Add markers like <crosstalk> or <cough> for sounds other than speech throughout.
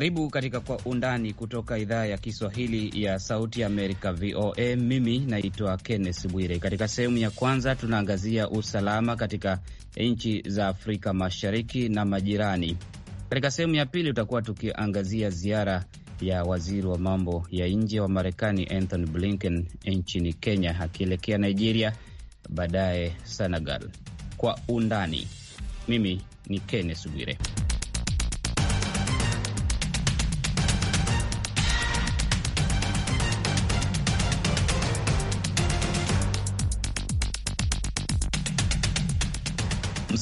Karibu katika Kwa Undani kutoka idhaa ya Kiswahili ya Sauti ya Amerika, VOA. Mimi naitwa Kenneth Bwire. Katika sehemu ya kwanza, tunaangazia usalama katika nchi za Afrika Mashariki na majirani. Katika sehemu ya pili, tutakuwa tukiangazia ziara ya waziri wa mambo ya nje wa Marekani Anthony Blinken nchini Kenya, akielekea Nigeria, baadaye Senegal. Kwa Undani, mimi ni Kenneth Bwire.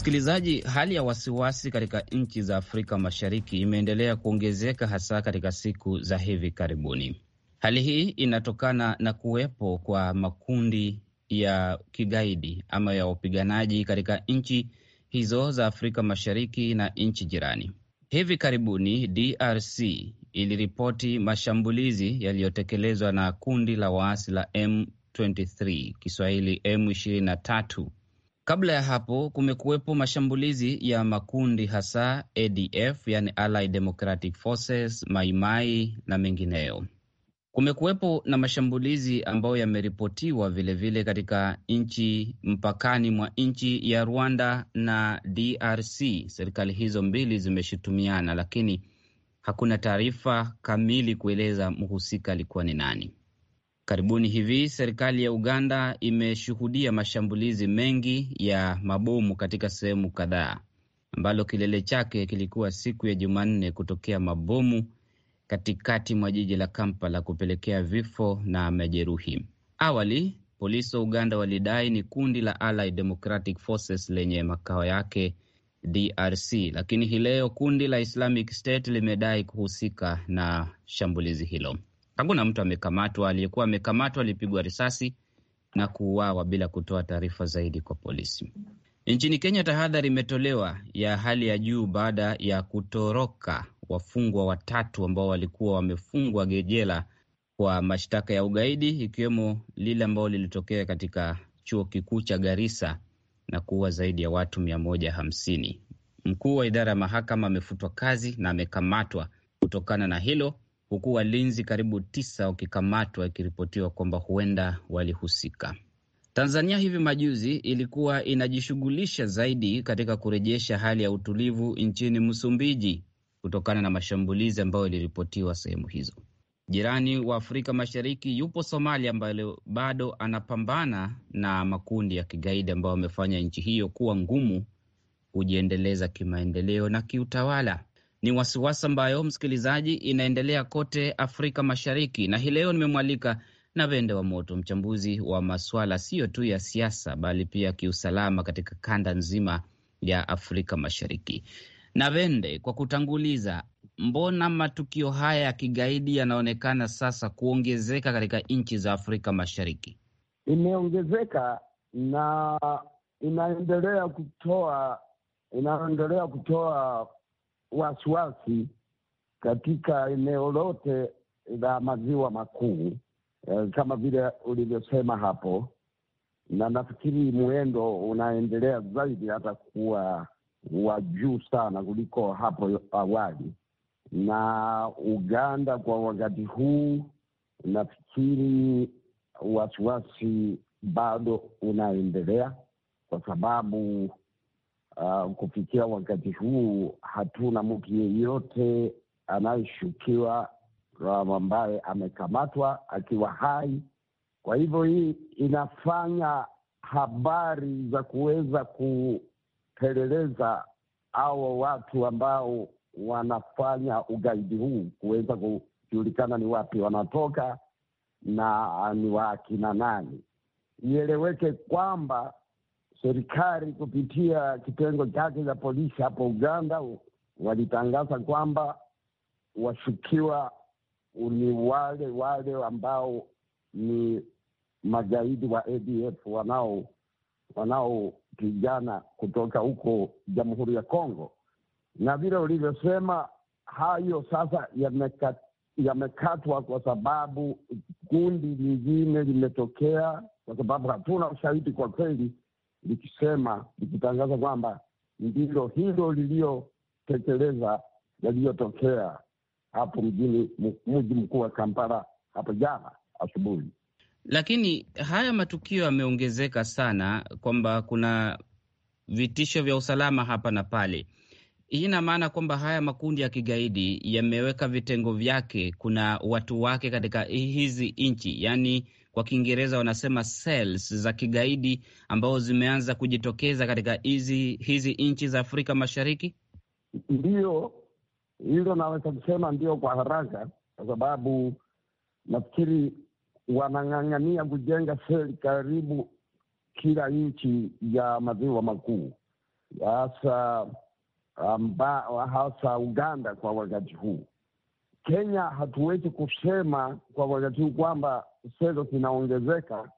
Msikilizaji, hali ya wasiwasi katika nchi za Afrika Mashariki imeendelea kuongezeka hasa katika siku za hivi karibuni. Hali hii inatokana na kuwepo kwa makundi ya kigaidi ama ya wapiganaji katika nchi hizo za Afrika Mashariki na nchi jirani. Hivi karibuni DRC iliripoti mashambulizi yaliyotekelezwa na kundi la waasi la M23 Kiswahili M23 Kabla ya hapo kumekuwepo mashambulizi ya makundi hasa ADF, yani Allied Democratic Forces, Maimai na mengineyo. Kumekuwepo na mashambulizi ambayo yameripotiwa vilevile katika nchi mpakani mwa nchi ya Rwanda na DRC. Serikali hizo mbili zimeshutumiana, lakini hakuna taarifa kamili kueleza mhusika alikuwa ni nani. Karibuni hivi serikali ya Uganda imeshuhudia mashambulizi mengi ya mabomu katika sehemu kadhaa, ambalo kilele chake kilikuwa siku ya Jumanne kutokea mabomu katikati mwa jiji la Kampala kupelekea vifo na majeruhi. Awali polisi wa Uganda walidai ni kundi la Allied Democratic Forces lenye makao yake DRC, lakini hii leo kundi la Islamic State limedai kuhusika na shambulizi hilo. Hakuna mtu amekamatwa. Aliyekuwa amekamatwa alipigwa risasi na kuuawa bila kutoa taarifa zaidi kwa polisi. Nchini Kenya, tahadhari imetolewa ya hali ya juu baada ya kutoroka wafungwa watatu ambao walikuwa wamefungwa gejela kwa mashtaka ya ugaidi, ikiwemo lile ambalo lilitokea katika chuo kikuu cha Garissa na kuua zaidi ya watu mia moja hamsini. Mkuu wa idara ya mahakama amefutwa kazi na amekamatwa kutokana na hilo huku walinzi karibu tisa wakikamatwa, ikiripotiwa kwamba huenda walihusika. Tanzania hivi majuzi ilikuwa inajishughulisha zaidi katika kurejesha hali ya utulivu nchini Msumbiji kutokana na mashambulizi ambayo iliripotiwa sehemu hizo. Jirani wa Afrika Mashariki yupo Somalia, ambayo bado anapambana na makundi ya kigaidi ambayo wamefanya nchi hiyo kuwa ngumu kujiendeleza kimaendeleo na kiutawala. Ni wasiwasi ambayo msikilizaji, inaendelea kote Afrika Mashariki, na hii leo nimemwalika na Vende wa Moto, mchambuzi wa maswala siyo tu ya siasa, bali pia kiusalama katika kanda nzima ya Afrika Mashariki. Na Vende, kwa kutanguliza, mbona matukio haya ya kigaidi yanaonekana sasa kuongezeka katika nchi za Afrika Mashariki? Imeongezeka na inaendelea kutoa inaendelea kutoa wasiwasi katika eneo lote la maziwa makuu eh, kama vile ulivyosema hapo, na nafikiri mwendo unaendelea zaidi hata kuwa wa juu sana kuliko hapo awali. Na Uganda kwa wakati huu nafikiri wasiwasi bado unaendelea kwa sababu Uh, ah, kufikia wakati huu hatuna mtu yeyote anayeshukiwa ambaye amekamatwa akiwa hai. Kwa hivyo hii inafanya habari za kuweza kupeleleza hao watu ambao wanafanya ugaidi huu kuweza kujulikana ni wapi wanatoka na ni wakina nani. Ieleweke kwamba serikali kupitia kitengo chake cha polisi hapo Uganda walitangaza kwamba washukiwa ni wale wale ambao ni magaidi wa ADF wanao wanaopigana kutoka huko Jamhuri ya Kongo, na vile ulivyosema, hayo sasa yamekatwa ya kwa sababu kundi lingine limetokea, kwa sababu hatuna ushahidi kwa kweli likisema likitangaza kwamba ndilo hilo liliyotekeleza yaliyotokea hapo mjini mji mkuu wa Kampala hapo jana asubuhi. Lakini haya matukio yameongezeka sana, kwamba kuna vitisho vya usalama hapa na pale. Hii ina maana kwamba haya makundi ya kigaidi yameweka vitengo vyake, kuna watu wake katika hizi nchi, yaani kwa Kiingereza wanasema cells za kigaidi ambao zimeanza kujitokeza katika hizi hizi nchi za Afrika Mashariki? Ndiyo, hilo naweza kusema ndio kwa haraka, kwa sababu nafikiri wanang'ang'ania kujenga seli karibu kila nchi ya maziwa makuu, hasa hasa Uganda kwa wakati huu. Kenya hatuwezi kusema kwa wakati huu kwamba kigezo kinaongezeka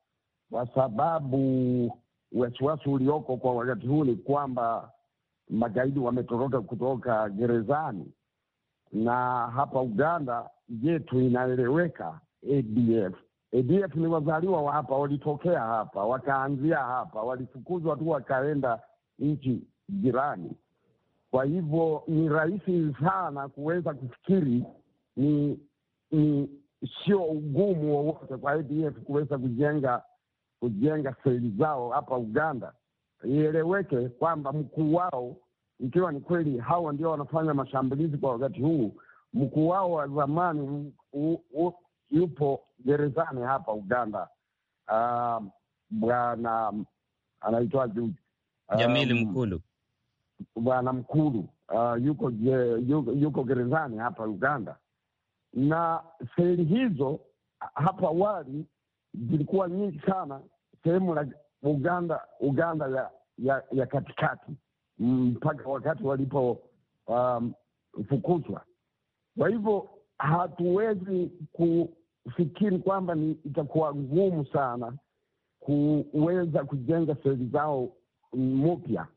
kwa sababu wasiwasi ulioko kwa wakati huu ni kwamba magaidi wametoroka kutoka gerezani, na hapa Uganda yetu inaeleweka. ADF ADF ni wazaliwa wa hapa, walitokea hapa, wakaanzia hapa, walifukuzwa tu wakaenda nchi jirani. Kwa hivyo ni rahisi sana kuweza kufikiri ni ni sio ugumu wowote kwa ADF kuweza kujenga kujenga seli zao hapa Uganda. Ieleweke kwamba mkuu wao, ikiwa ni kweli hawa ndio wanafanya mashambulizi kwa wakati huu, mkuu wao wa zamani yupo gerezani hapa Uganda. Uh, bwana anaitwa Um, Jamili ah, Mkulu, bwana Mkulu uh, yuko, yuko, yuko gerezani hapa Uganda na seli hizo hapo awali zilikuwa nyingi sana sehemu la Uganda, Uganda ya, ya, ya katikati mm, mpaka wakati walipofukuzwa. Um, kwa hivyo hatuwezi kufikiri kwamba ni itakuwa ngumu sana kuweza kujenga seli zao mupya, mm,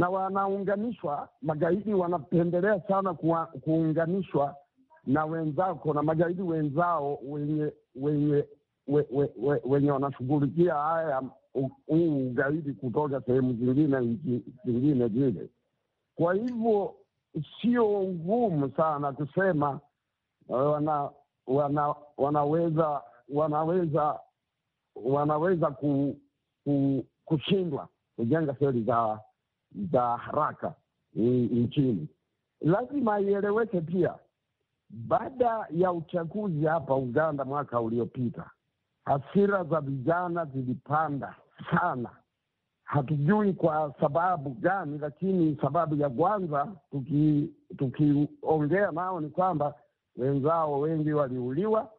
na wanaunganishwa. Magaidi wanapendelea sana kuwa, kuunganishwa na wenzako na magaidi wenzao wenye wenye we, we, we, wenye wanashughulikia haya huu ugaidi kutoka sehemu zingine nchi zingine zile. Kwa hivyo sio ngumu sana kusema eh, wana, wana, wanaweza wanaweza wanaweza ku, ku, kushindwa kujenga seli za za haraka eh, nchini. Lazima ieleweke pia baada ya uchaguzi hapa Uganda mwaka uliopita, hasira za vijana zilipanda sana. Hatujui kwa sababu gani, lakini sababu ya kwanza tukiongea tuki nao ni kwamba wenzao wengi waliuliwa,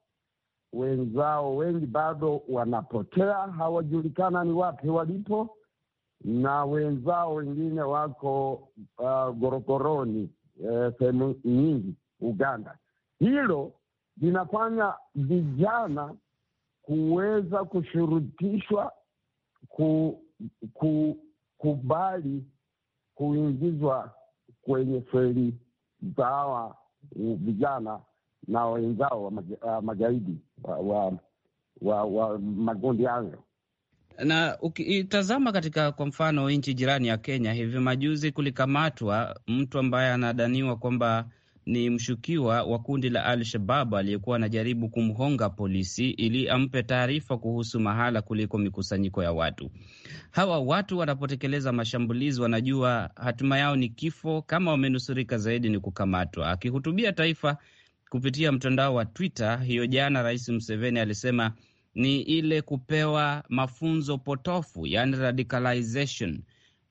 wenzao wengi bado wanapotea, hawajulikana ni wapi walipo, na wenzao wengine wako uh, gorogoroni eh, sehemu nyingi Uganda. Hilo linafanya vijana kuweza kushurutishwa ku, ku, kubali kuingizwa kwenye feri za hawa vijana na wenzao wa magaidi wa, wa, wa, wa makundi hayo na ukitazama katika kwa mfano nchi jirani ya Kenya, hivi majuzi kulikamatwa mtu ambaye anadaniwa kwamba ni mshukiwa wa kundi la Al-Shabab aliyekuwa anajaribu kumhonga polisi ili ampe taarifa kuhusu mahala kuliko mikusanyiko ya watu. Hawa watu wanapotekeleza mashambulizi wanajua hatima yao ni kifo, kama wamenusurika zaidi ni kukamatwa. Akihutubia taifa kupitia mtandao wa Twitter hiyo jana, Rais Museveni alisema ni ile kupewa mafunzo potofu, yani radicalization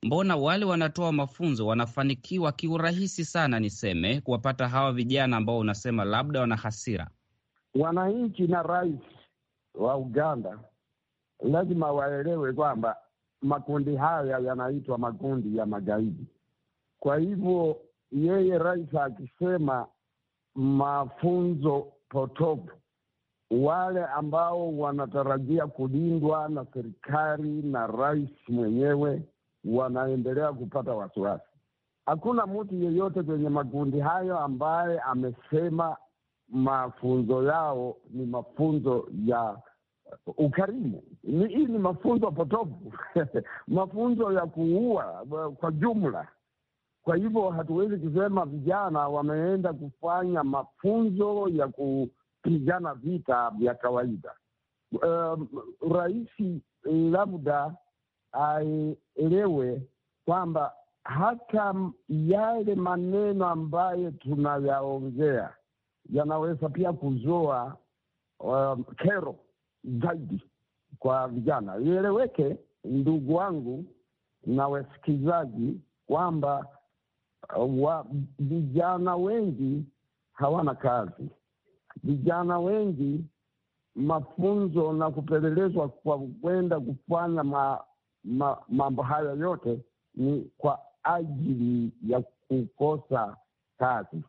Mbona wale wanatoa mafunzo wanafanikiwa kiurahisi sana, niseme kuwapata hawa vijana ambao unasema labda wana hasira? Wananchi na rais wa Uganda lazima waelewe kwamba makundi haya yanaitwa makundi ya magaidi. Kwa hivyo yeye rais akisema mafunzo potofu, wale ambao wanatarajia kulindwa na serikali na rais mwenyewe wanaendelea kupata wasiwasi. Hakuna mtu yeyote kwenye makundi hayo ambaye amesema mafunzo yao ni mafunzo ya ukarimu. Hii ni mafunzo potofu <laughs> mafunzo ya kuua kwa jumla. Kwa hivyo hatuwezi kusema vijana wameenda kufanya mafunzo ya kupigana vita vya kawaida. Um, rais labda aelewe kwamba hata yale maneno ambayo tunayaongea yanaweza pia kuzoa um, kero zaidi kwa vijana. Ieleweke ndugu wangu na wasikizaji kwamba uh, wa vijana wengi hawana kazi. Vijana wengi mafunzo na kupelelezwa kwa kwenda kufanya ma, mambo hayo yote ni kwa ajili ya kukosa kazi,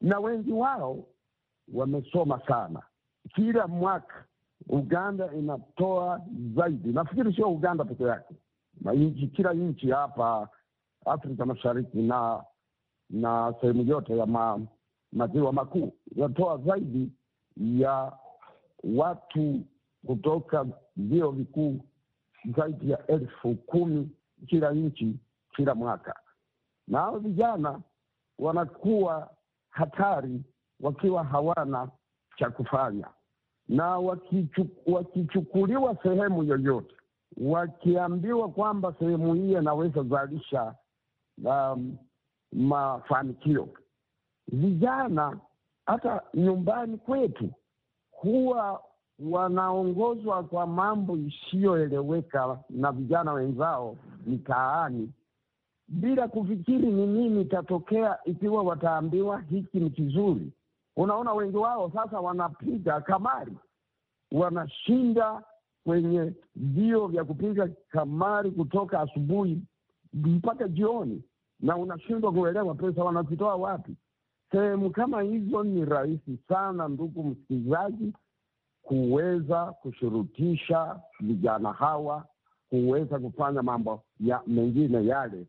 na wengi wao wamesoma sana. Kila mwaka Uganda inatoa zaidi, nafikiri sio Uganda peke yake, nchi kila nchi hapa Afrika Mashariki na na sehemu yote ya ma, maziwa makuu inatoa zaidi ya watu kutoka vyuo vikuu zaidi ya elfu kumi kila nchi kila mwaka, na hao vijana wanakuwa hatari wakiwa hawana cha kufanya, na wakichu, wakichukuliwa sehemu yoyote, wakiambiwa kwamba sehemu hii anaweza zalisha um, mafanikio. Vijana hata nyumbani kwetu huwa wanaongozwa kwa mambo isiyoeleweka na vijana wenzao mitaani bila kufikiri ni nini itatokea ikiwa wataambiwa hiki ni kizuri. Unaona, wengi wao sasa wanapiga kamari, wanashinda kwenye vio vya kupiga kamari kutoka asubuhi mpaka jioni, na unashindwa kuelewa pesa wanazitoa wapi. Sehemu kama hizo ni rahisi sana, ndugu msikilizaji, kuweza kushurutisha vijana hawa kuweza kufanya mambo ya mengine yale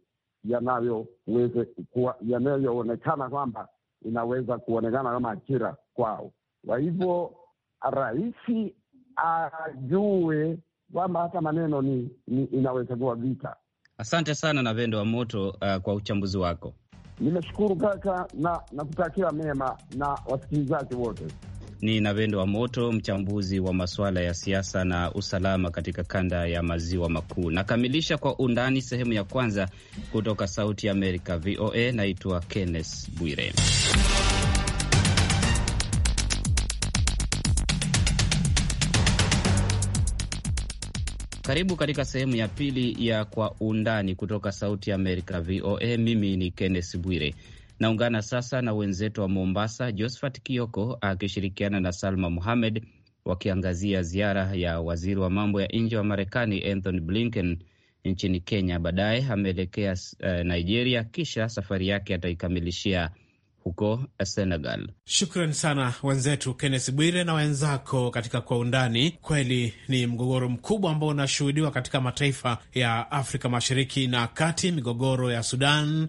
yanayoonekana kwamba inaweza kuonekana kama ajira kwao. Kwa hivyo rais ajue kwamba hata maneno ni, ni inaweza kuwa vita. Asante sana na Vendo wa Moto uh, kwa uchambuzi wako. Nimeshukuru kaka, na nakutakia mema na wasikilizaji wote ni Navendo wa Moto, mchambuzi wa masuala ya siasa na usalama katika kanda ya maziwa makuu. Nakamilisha kwa undani sehemu ya kwanza kutoka Sauti ya Amerika VOA. Naitwa Kenneth Bwire. Karibu katika sehemu ya pili ya Kwa Undani kutoka Sauti ya Amerika VOA. Mimi ni Kenneth Bwire. Naungana sasa na wenzetu wa Mombasa, Josphat Kioko akishirikiana na Salma Muhamed wakiangazia ziara ya waziri wa mambo ya nje wa Marekani Anthony Blinken nchini Kenya. Baadaye ameelekea eh, Nigeria, kisha safari yake ataikamilishia huko Senegal. Shukran sana wenzetu kennes Bwire na wenzako katika Kwa Undani. Kweli ni mgogoro mkubwa ambao unashuhudiwa katika mataifa ya Afrika Mashariki na Kati, migogoro ya Sudan,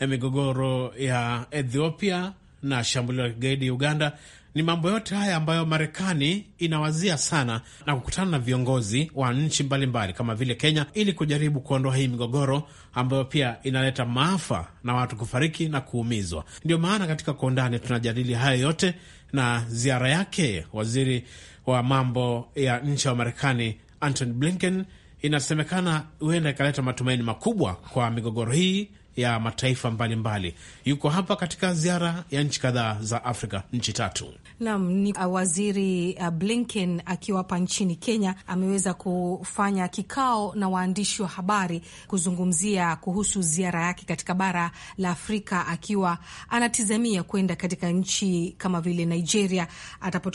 migogoro ya Ethiopia na shambulio la kigaidi Uganda ni mambo yote haya ambayo Marekani inawazia sana na kukutana na viongozi wa nchi mbalimbali kama vile Kenya ili kujaribu kuondoa hii migogoro ambayo pia inaleta maafa na watu kufariki na kuumizwa. Ndio maana katika Kwa Undani tunajadili hayo yote na ziara yake waziri wa mambo ya nchi wa Marekani Antony Blinken inasemekana huenda ikaleta matumaini makubwa kwa migogoro hii ya mataifa mbalimbali mbali. Yuko hapa katika ziara ya nchi kadhaa za Afrika, nchi tatu. Naam, ni uh, waziri uh, Blinken akiwa hapa nchini Kenya ameweza kufanya kikao na waandishi wa habari kuzungumzia kuhusu ziara yake katika bara la Afrika, akiwa anatizamia kwenda katika nchi kama vile Nigeria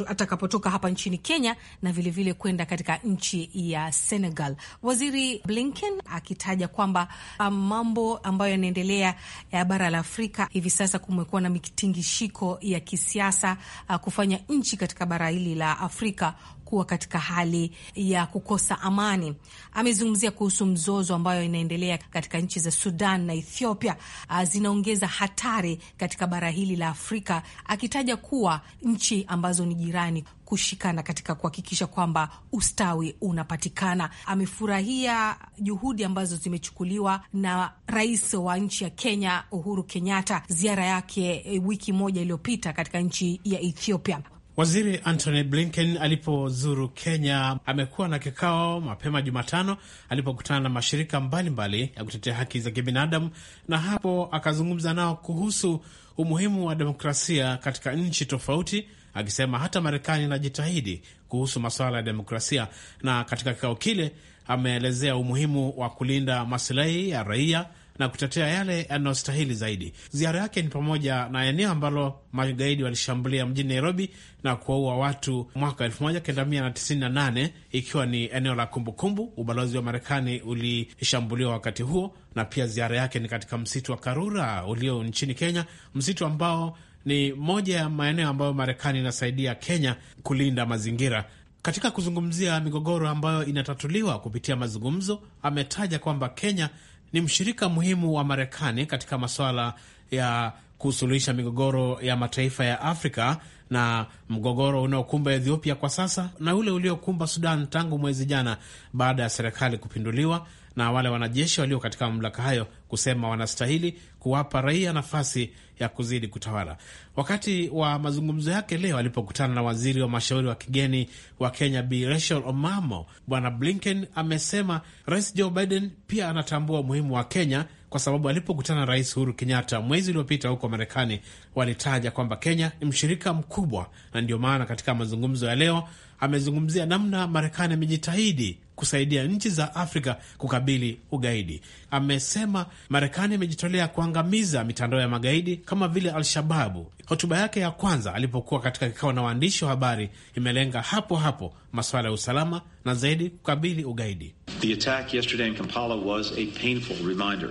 atakapotoka hapa nchini Kenya na vilevile kwenda katika nchi ya Senegal. Waziri Blinken akitaja kwamba um, mambo ambayo inaendelea ya bara la Afrika. Hivi sasa kumekuwa na mitingishiko ya kisiasa ah, kufanya nchi katika bara hili la Afrika kuwa katika hali ya kukosa amani. Amezungumzia kuhusu mzozo ambayo inaendelea katika nchi za Sudan na Ethiopia zinaongeza hatari katika bara hili la Afrika, akitaja kuwa nchi ambazo ni jirani kushikana katika kuhakikisha kwamba ustawi unapatikana. Amefurahia juhudi ambazo zimechukuliwa na rais wa nchi ya Kenya Uhuru Kenyatta, ziara yake e, wiki moja iliyopita katika nchi ya Ethiopia. Waziri Antony Blinken alipozuru Kenya amekuwa na kikao mapema Jumatano alipokutana na mashirika mbalimbali mbali ya kutetea haki za kibinadamu, na hapo akazungumza nao kuhusu umuhimu wa demokrasia katika nchi tofauti, akisema hata Marekani inajitahidi kuhusu masuala ya demokrasia. Na katika kikao kile ameelezea umuhimu wa kulinda masilahi ya raia na kutetea yale yanayostahili zaidi. Ziara yake ni pamoja na eneo ambalo magaidi walishambulia mjini Nairobi na kuwaua watu mwaka 1998 ikiwa ni eneo la kumbukumbu. Ubalozi wa Marekani ulishambuliwa wakati huo, na pia ziara yake ni katika msitu wa Karura ulio nchini Kenya, msitu ambao ni moja ya maeneo ambayo Marekani inasaidia Kenya kulinda mazingira. Katika kuzungumzia migogoro ambayo inatatuliwa kupitia mazungumzo, ametaja kwamba Kenya ni mshirika muhimu wa Marekani katika masuala ya kusuluhisha migogoro ya mataifa ya Afrika, na mgogoro unaokumba Ethiopia kwa sasa na ule uliokumba Sudan tangu mwezi jana baada ya serikali kupinduliwa na wale wanajeshi walio katika mamlaka hayo kusema wanastahili kuwapa raia nafasi ya kuzidi kutawala. Wakati wa mazungumzo yake leo alipokutana na waziri wa mashauri wa kigeni wa Kenya Bi Rachel Omamo, Bwana Blinken amesema Rais Joe Biden pia anatambua umuhimu wa Kenya kwa sababu alipokutana na Rais Uhuru Kenyatta mwezi uliopita huko Marekani, walitaja kwamba Kenya ni mshirika mkubwa, na ndio maana katika mazungumzo ya leo amezungumzia namna Marekani amejitahidi kusaidia nchi za Afrika kukabili ugaidi. Amesema Marekani imejitolea kuangamiza mitandao ya magaidi kama vile Al-Shababu. Hotuba yake ya kwanza alipokuwa katika kikao na waandishi wa habari imelenga hapo hapo masuala ya usalama na zaidi kukabili ugaidi. The attack yesterday in Kampala was a painful reminder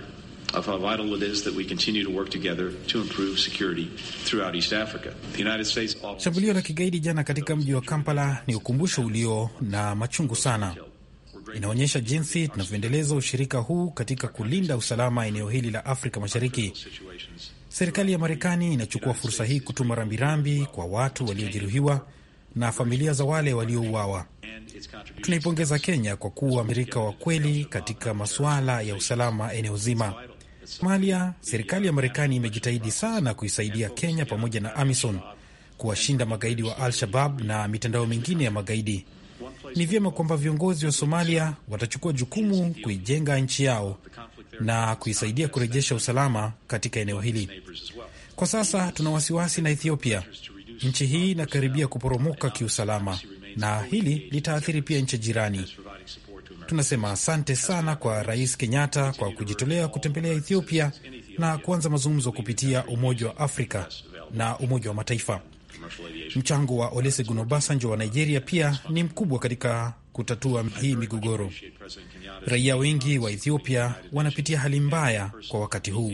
of how vital it is that we continue to work together to improve security throughout East Africa. The United States... Shambulio la kigaidi jana katika mji wa Kampala ni ukumbusho ulio na machungu sana inaonyesha jinsi tunavyoendeleza ushirika huu katika kulinda usalama eneo hili la Afrika Mashariki. Serikali ya Marekani inachukua fursa hii kutuma rambirambi kwa watu waliojeruhiwa na familia za wale waliouawa. Tunaipongeza Kenya kwa kuwa mshirika wa kweli katika masuala ya usalama eneo zima. Somalia, serikali ya Marekani imejitahidi sana kuisaidia Kenya pamoja na AMISON kuwashinda magaidi wa Al-Shabab na mitandao mingine ya magaidi ni vyema kwamba viongozi wa Somalia watachukua jukumu kuijenga nchi yao na kuisaidia kurejesha usalama katika eneo hili. Kwa sasa tuna wasiwasi na Ethiopia. Nchi hii inakaribia kuporomoka kiusalama, na hili litaathiri pia nchi jirani. Tunasema asante sana kwa Rais Kenyatta kwa kujitolea kutembelea Ethiopia na kuanza mazungumzo kupitia Umoja wa Afrika na Umoja wa Mataifa. Mchango wa Olusegun Obasanjo wa Nigeria pia ni mkubwa katika kutatua hii migogoro. Raia wengi wa Ethiopia wanapitia hali mbaya kwa wakati huu.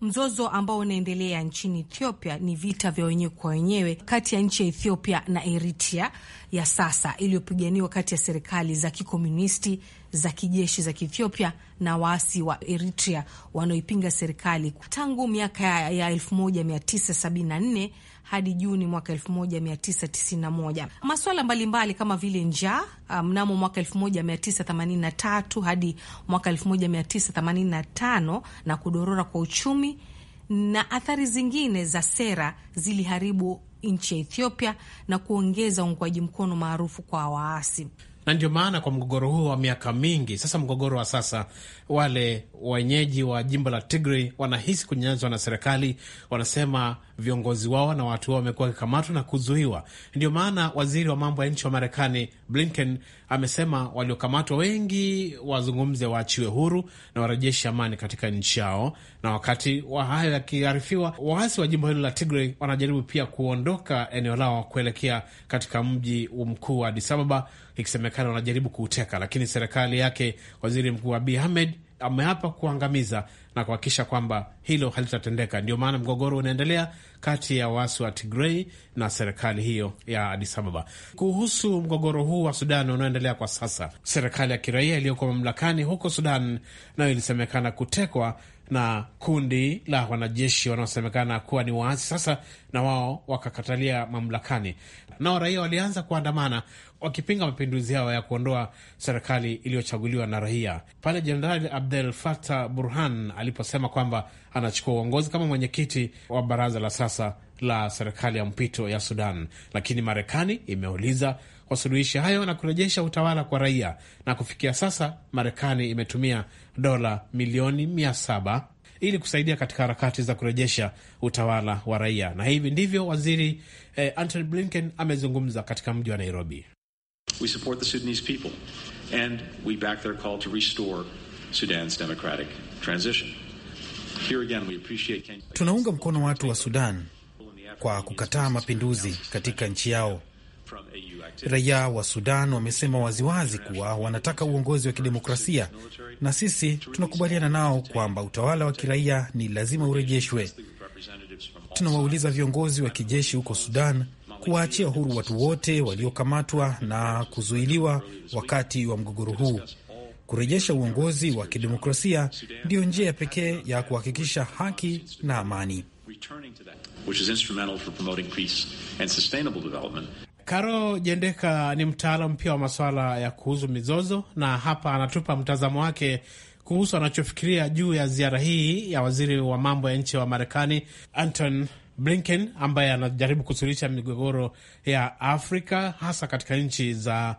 Mzozo ambao unaendelea nchini Ethiopia ni vita vya wenyewe kwa wenyewe kati ya nchi ya Ethiopia na Eritrea ya sasa iliyopiganiwa kati ya serikali za kikomunisti za kijeshi za Kiethiopia na waasi wa Eritrea wanaoipinga serikali tangu miaka ya 1974 hadi Juni mwaka 1991. Masuala mbalimbali kama vile njaa uh, mnamo um, mwaka 1983 hadi mwaka 1985 na kudorora kwa uchumi na athari zingine za sera ziliharibu nchi ya Ethiopia na kuongeza uungwaji mkono maarufu kwa waasi na ndio maana kwa mgogoro huo wa miaka mingi sasa, mgogoro wa sasa, wale wenyeji wa jimbo la Tigray wanahisi kunyanyaswa na serikali. Wanasema viongozi wao na watu wao wamekuwa wakikamatwa na kuzuiwa. Ndio maana waziri wa mambo ya nchi wa Marekani Blinken amesema waliokamatwa wengi wazungumze, waachiwe huru na warejeshe amani katika nchi yao. Na wakati wa haya yakiarifiwa, waasi wa jimbo hilo la Tigray wanajaribu pia kuondoka eneo lao kuelekea katika mji mkuu wa Addis Ababa, ikisemekana wanajaribu kuuteka, lakini serikali yake waziri mkuu Abiy Ahmed ameapa kuangamiza na kuhakikisha kwamba hilo halitatendeka. Ndio maana mgogoro unaendelea kati ya waasi wa Tigrei na serikali hiyo ya Adis Ababa. Kuhusu mgogoro huu wa Sudan unaoendelea kwa sasa, serikali ya kiraia iliyoko mamlakani huko Sudan nayo ilisemekana kutekwa na kundi la wanajeshi wanaosemekana kuwa ni waasi sasa, na wao wakakatalia mamlakani. Nao raia walianza kuandamana wakipinga mapinduzi yao ya kuondoa serikali iliyochaguliwa na raia. Pale Jenerali Abdel fatah Burhan aliposema kwamba anachukua uongozi kama mwenyekiti wa baraza la sasa la serikali ya mpito ya Sudan, lakini Marekani imeuliza wasuluhishi hayo na kurejesha utawala kwa raia, na kufikia sasa Marekani imetumia dola milioni mia saba ili kusaidia katika harakati za kurejesha utawala wa raia, na hivi ndivyo waziri eh, Antony Blinken amezungumza katika mji wa Nairobi. We support the Sudanese people and we back their call to restore Sudan's democratic transition. Here again we appreciate Kenya. Tunaunga mkono watu wa Sudan kwa kukataa mapinduzi katika nchi yao. Raia wa Sudan wamesema waziwazi kuwa wanataka uongozi wa kidemokrasia, na sisi tunakubaliana nao kwamba utawala wa kiraia ni lazima urejeshwe. Tunawauliza viongozi wa kijeshi huko Sudan kuwaachia huru watu wote waliokamatwa na kuzuiliwa wakati wa mgogoro huu. Kurejesha uongozi wa kidemokrasia ndiyo njia pekee ya kuhakikisha haki na amani. Karo Jendeka ni mtaalamu pia wa masuala ya kuhusu mizozo, na hapa anatupa mtazamo wake kuhusu anachofikiria juu ya ziara hii ya waziri wa mambo ya nchi wa Marekani Anton Blinken ambaye anajaribu kusuluhisha migogoro ya Afrika hasa katika nchi za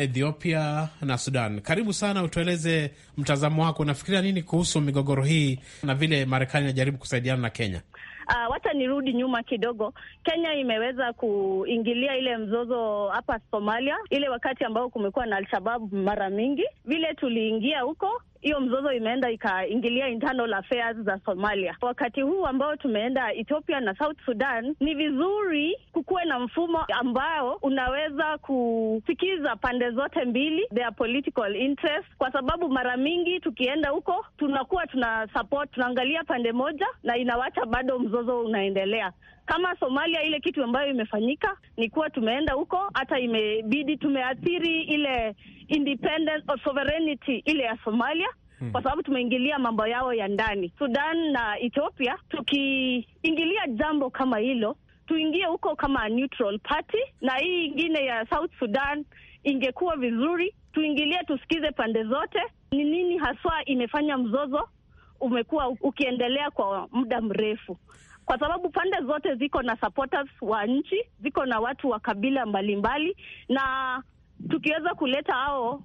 Ethiopia na Sudan. Karibu sana, utueleze mtazamo wako, unafikiria nini kuhusu migogoro hii na vile Marekani inajaribu kusaidiana na Kenya? Uh, wacha nirudi nyuma kidogo. Kenya imeweza kuingilia ile mzozo hapa Somalia, ile wakati ambao kumekuwa na Alshabab mara mingi, vile tuliingia huko hiyo mzozo imeenda ikaingilia internal affairs za Somalia. Wakati huu ambao tumeenda Ethiopia na South Sudan, ni vizuri kukuwe na mfumo ambao unaweza kusikiza pande zote mbili, their political interest, kwa sababu mara mingi tukienda huko tunakuwa tuna support, tunaangalia pande moja na inawacha bado mzozo unaendelea. Kama Somalia, ile kitu ambayo imefanyika ni kuwa tumeenda huko, hata imebidi tumeathiri ile independence or sovereignty ile ya Somalia Hmm. Kwa sababu tumeingilia mambo yao ya ndani. Sudan na Ethiopia, tukiingilia jambo kama hilo, tuingie huko kama neutral party, na hii ingine ya South Sudan ingekuwa vizuri tuingilie, tusikize pande zote, ni nini haswa imefanya mzozo umekuwa ukiendelea kwa muda mrefu kwa sababu pande zote ziko na supporters wa nchi, ziko na watu wa kabila mbalimbali mbali, na tukiweza kuleta hao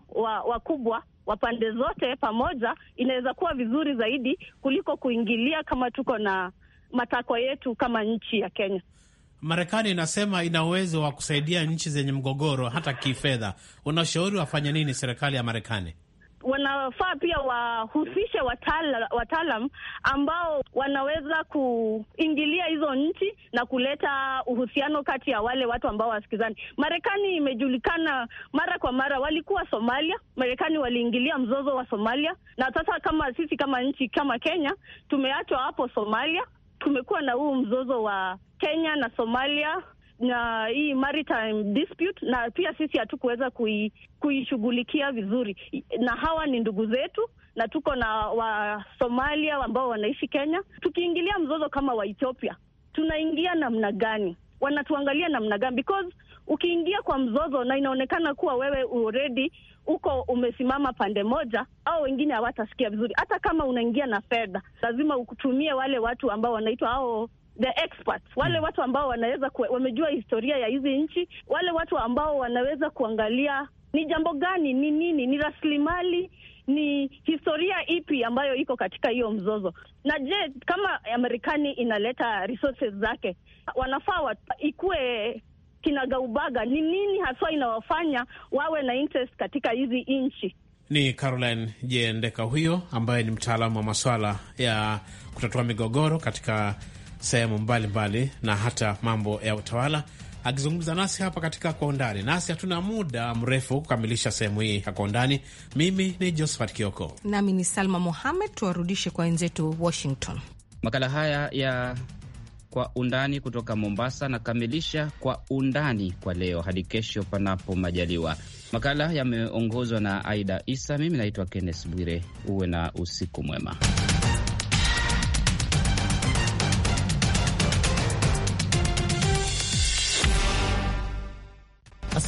wakubwa wa wa pande zote pamoja, inaweza kuwa vizuri zaidi kuliko kuingilia kama tuko na matakwa yetu kama nchi ya Kenya. Marekani inasema ina uwezo wa kusaidia nchi zenye mgogoro hata kifedha. Unashauri wafanye nini serikali ya Marekani? wanafaa pia wahusishe wataalam wataalam ambao wanaweza kuingilia hizo nchi na kuleta uhusiano kati ya wale watu ambao wasikizani. Marekani imejulikana mara kwa mara, walikuwa Somalia. Marekani waliingilia mzozo wa Somalia, na sasa kama sisi kama nchi kama Kenya tumeachwa hapo Somalia. tumekuwa na huu mzozo wa Kenya na Somalia na hii maritime dispute, na pia sisi hatukuweza kuishughulikia vizuri, na hawa ni ndugu zetu na tuko na Wasomalia ambao wanaishi Kenya. Tukiingilia mzozo kama wa Ethiopia, tunaingia namna gani? Wanatuangalia namna gani? Because ukiingia kwa mzozo na inaonekana kuwa wewe uredi uko umesimama pande moja, au wengine hawatasikia vizuri. Hata kama unaingia na fedha, lazima utumie wale watu ambao wanaitwa ao the experts, wale hmm. watu ambao wanaweza wamejua historia ya hizi nchi, wale watu ambao wanaweza kuangalia ni jambo gani, ni nini, ni rasilimali ni historia ipi ambayo iko katika hiyo mzozo, na je, kama Marekani inaleta resources zake, wanafaa ikuwe kinagaubaga, ni nini haswa inawafanya wawe na interest katika hizi nchi? Ni Caroline Jendeka huyo ambaye ni mtaalamu wa maswala ya kutatua migogoro katika sehemu mbalimbali na hata mambo ya utawala, akizungumza nasi hapa katika Kwa Undani. Nasi hatuna muda mrefu kukamilisha sehemu hii ya Kwa Undani. Mimi ni Josephat Kioko nami ni Salma Mohamed. Tuwarudishe kwa wenzetu Washington. Makala haya ya Kwa Undani kutoka Mombasa nakamilisha Kwa Undani kwa leo, hadi kesho, panapo majaliwa. Makala yameongozwa na Aida Isa. Mimi naitwa Kennes Bwire. Uwe na usiku mwema.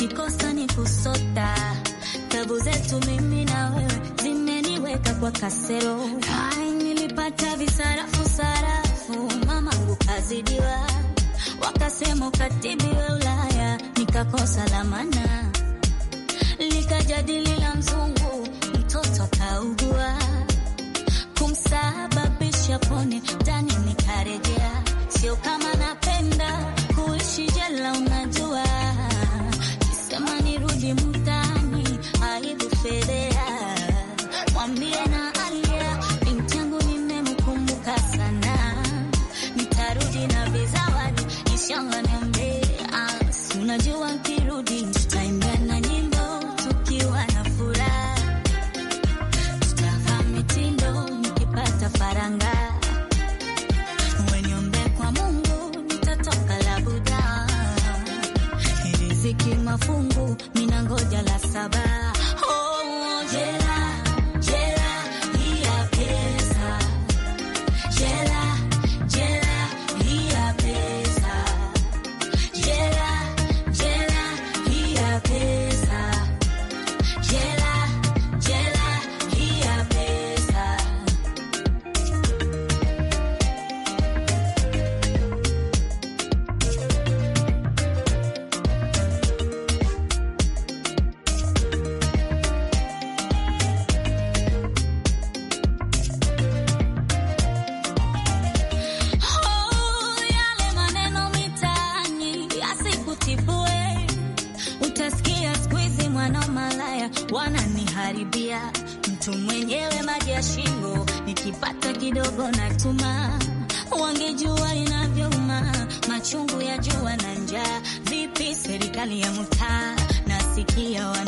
nikikosa ni kusota. Tabu zetu mimi na wewe zimeniweka kwa kasero. Ai, nilipata visarafu sarafu, mamangu kazidiwa, wakasema wa Ulaya, nikakosa la mana likajadili la mzungu, mtoto kaugua kumsababisha pone ndani, nikarejea. Sio kama napenda kuishi jela, unajua Ukimtani aibu fedhea mwambie roho na tuma, wangejua inavyouma, machungu ya jua na njaa. Vipi serikali ya mtaa, nasikia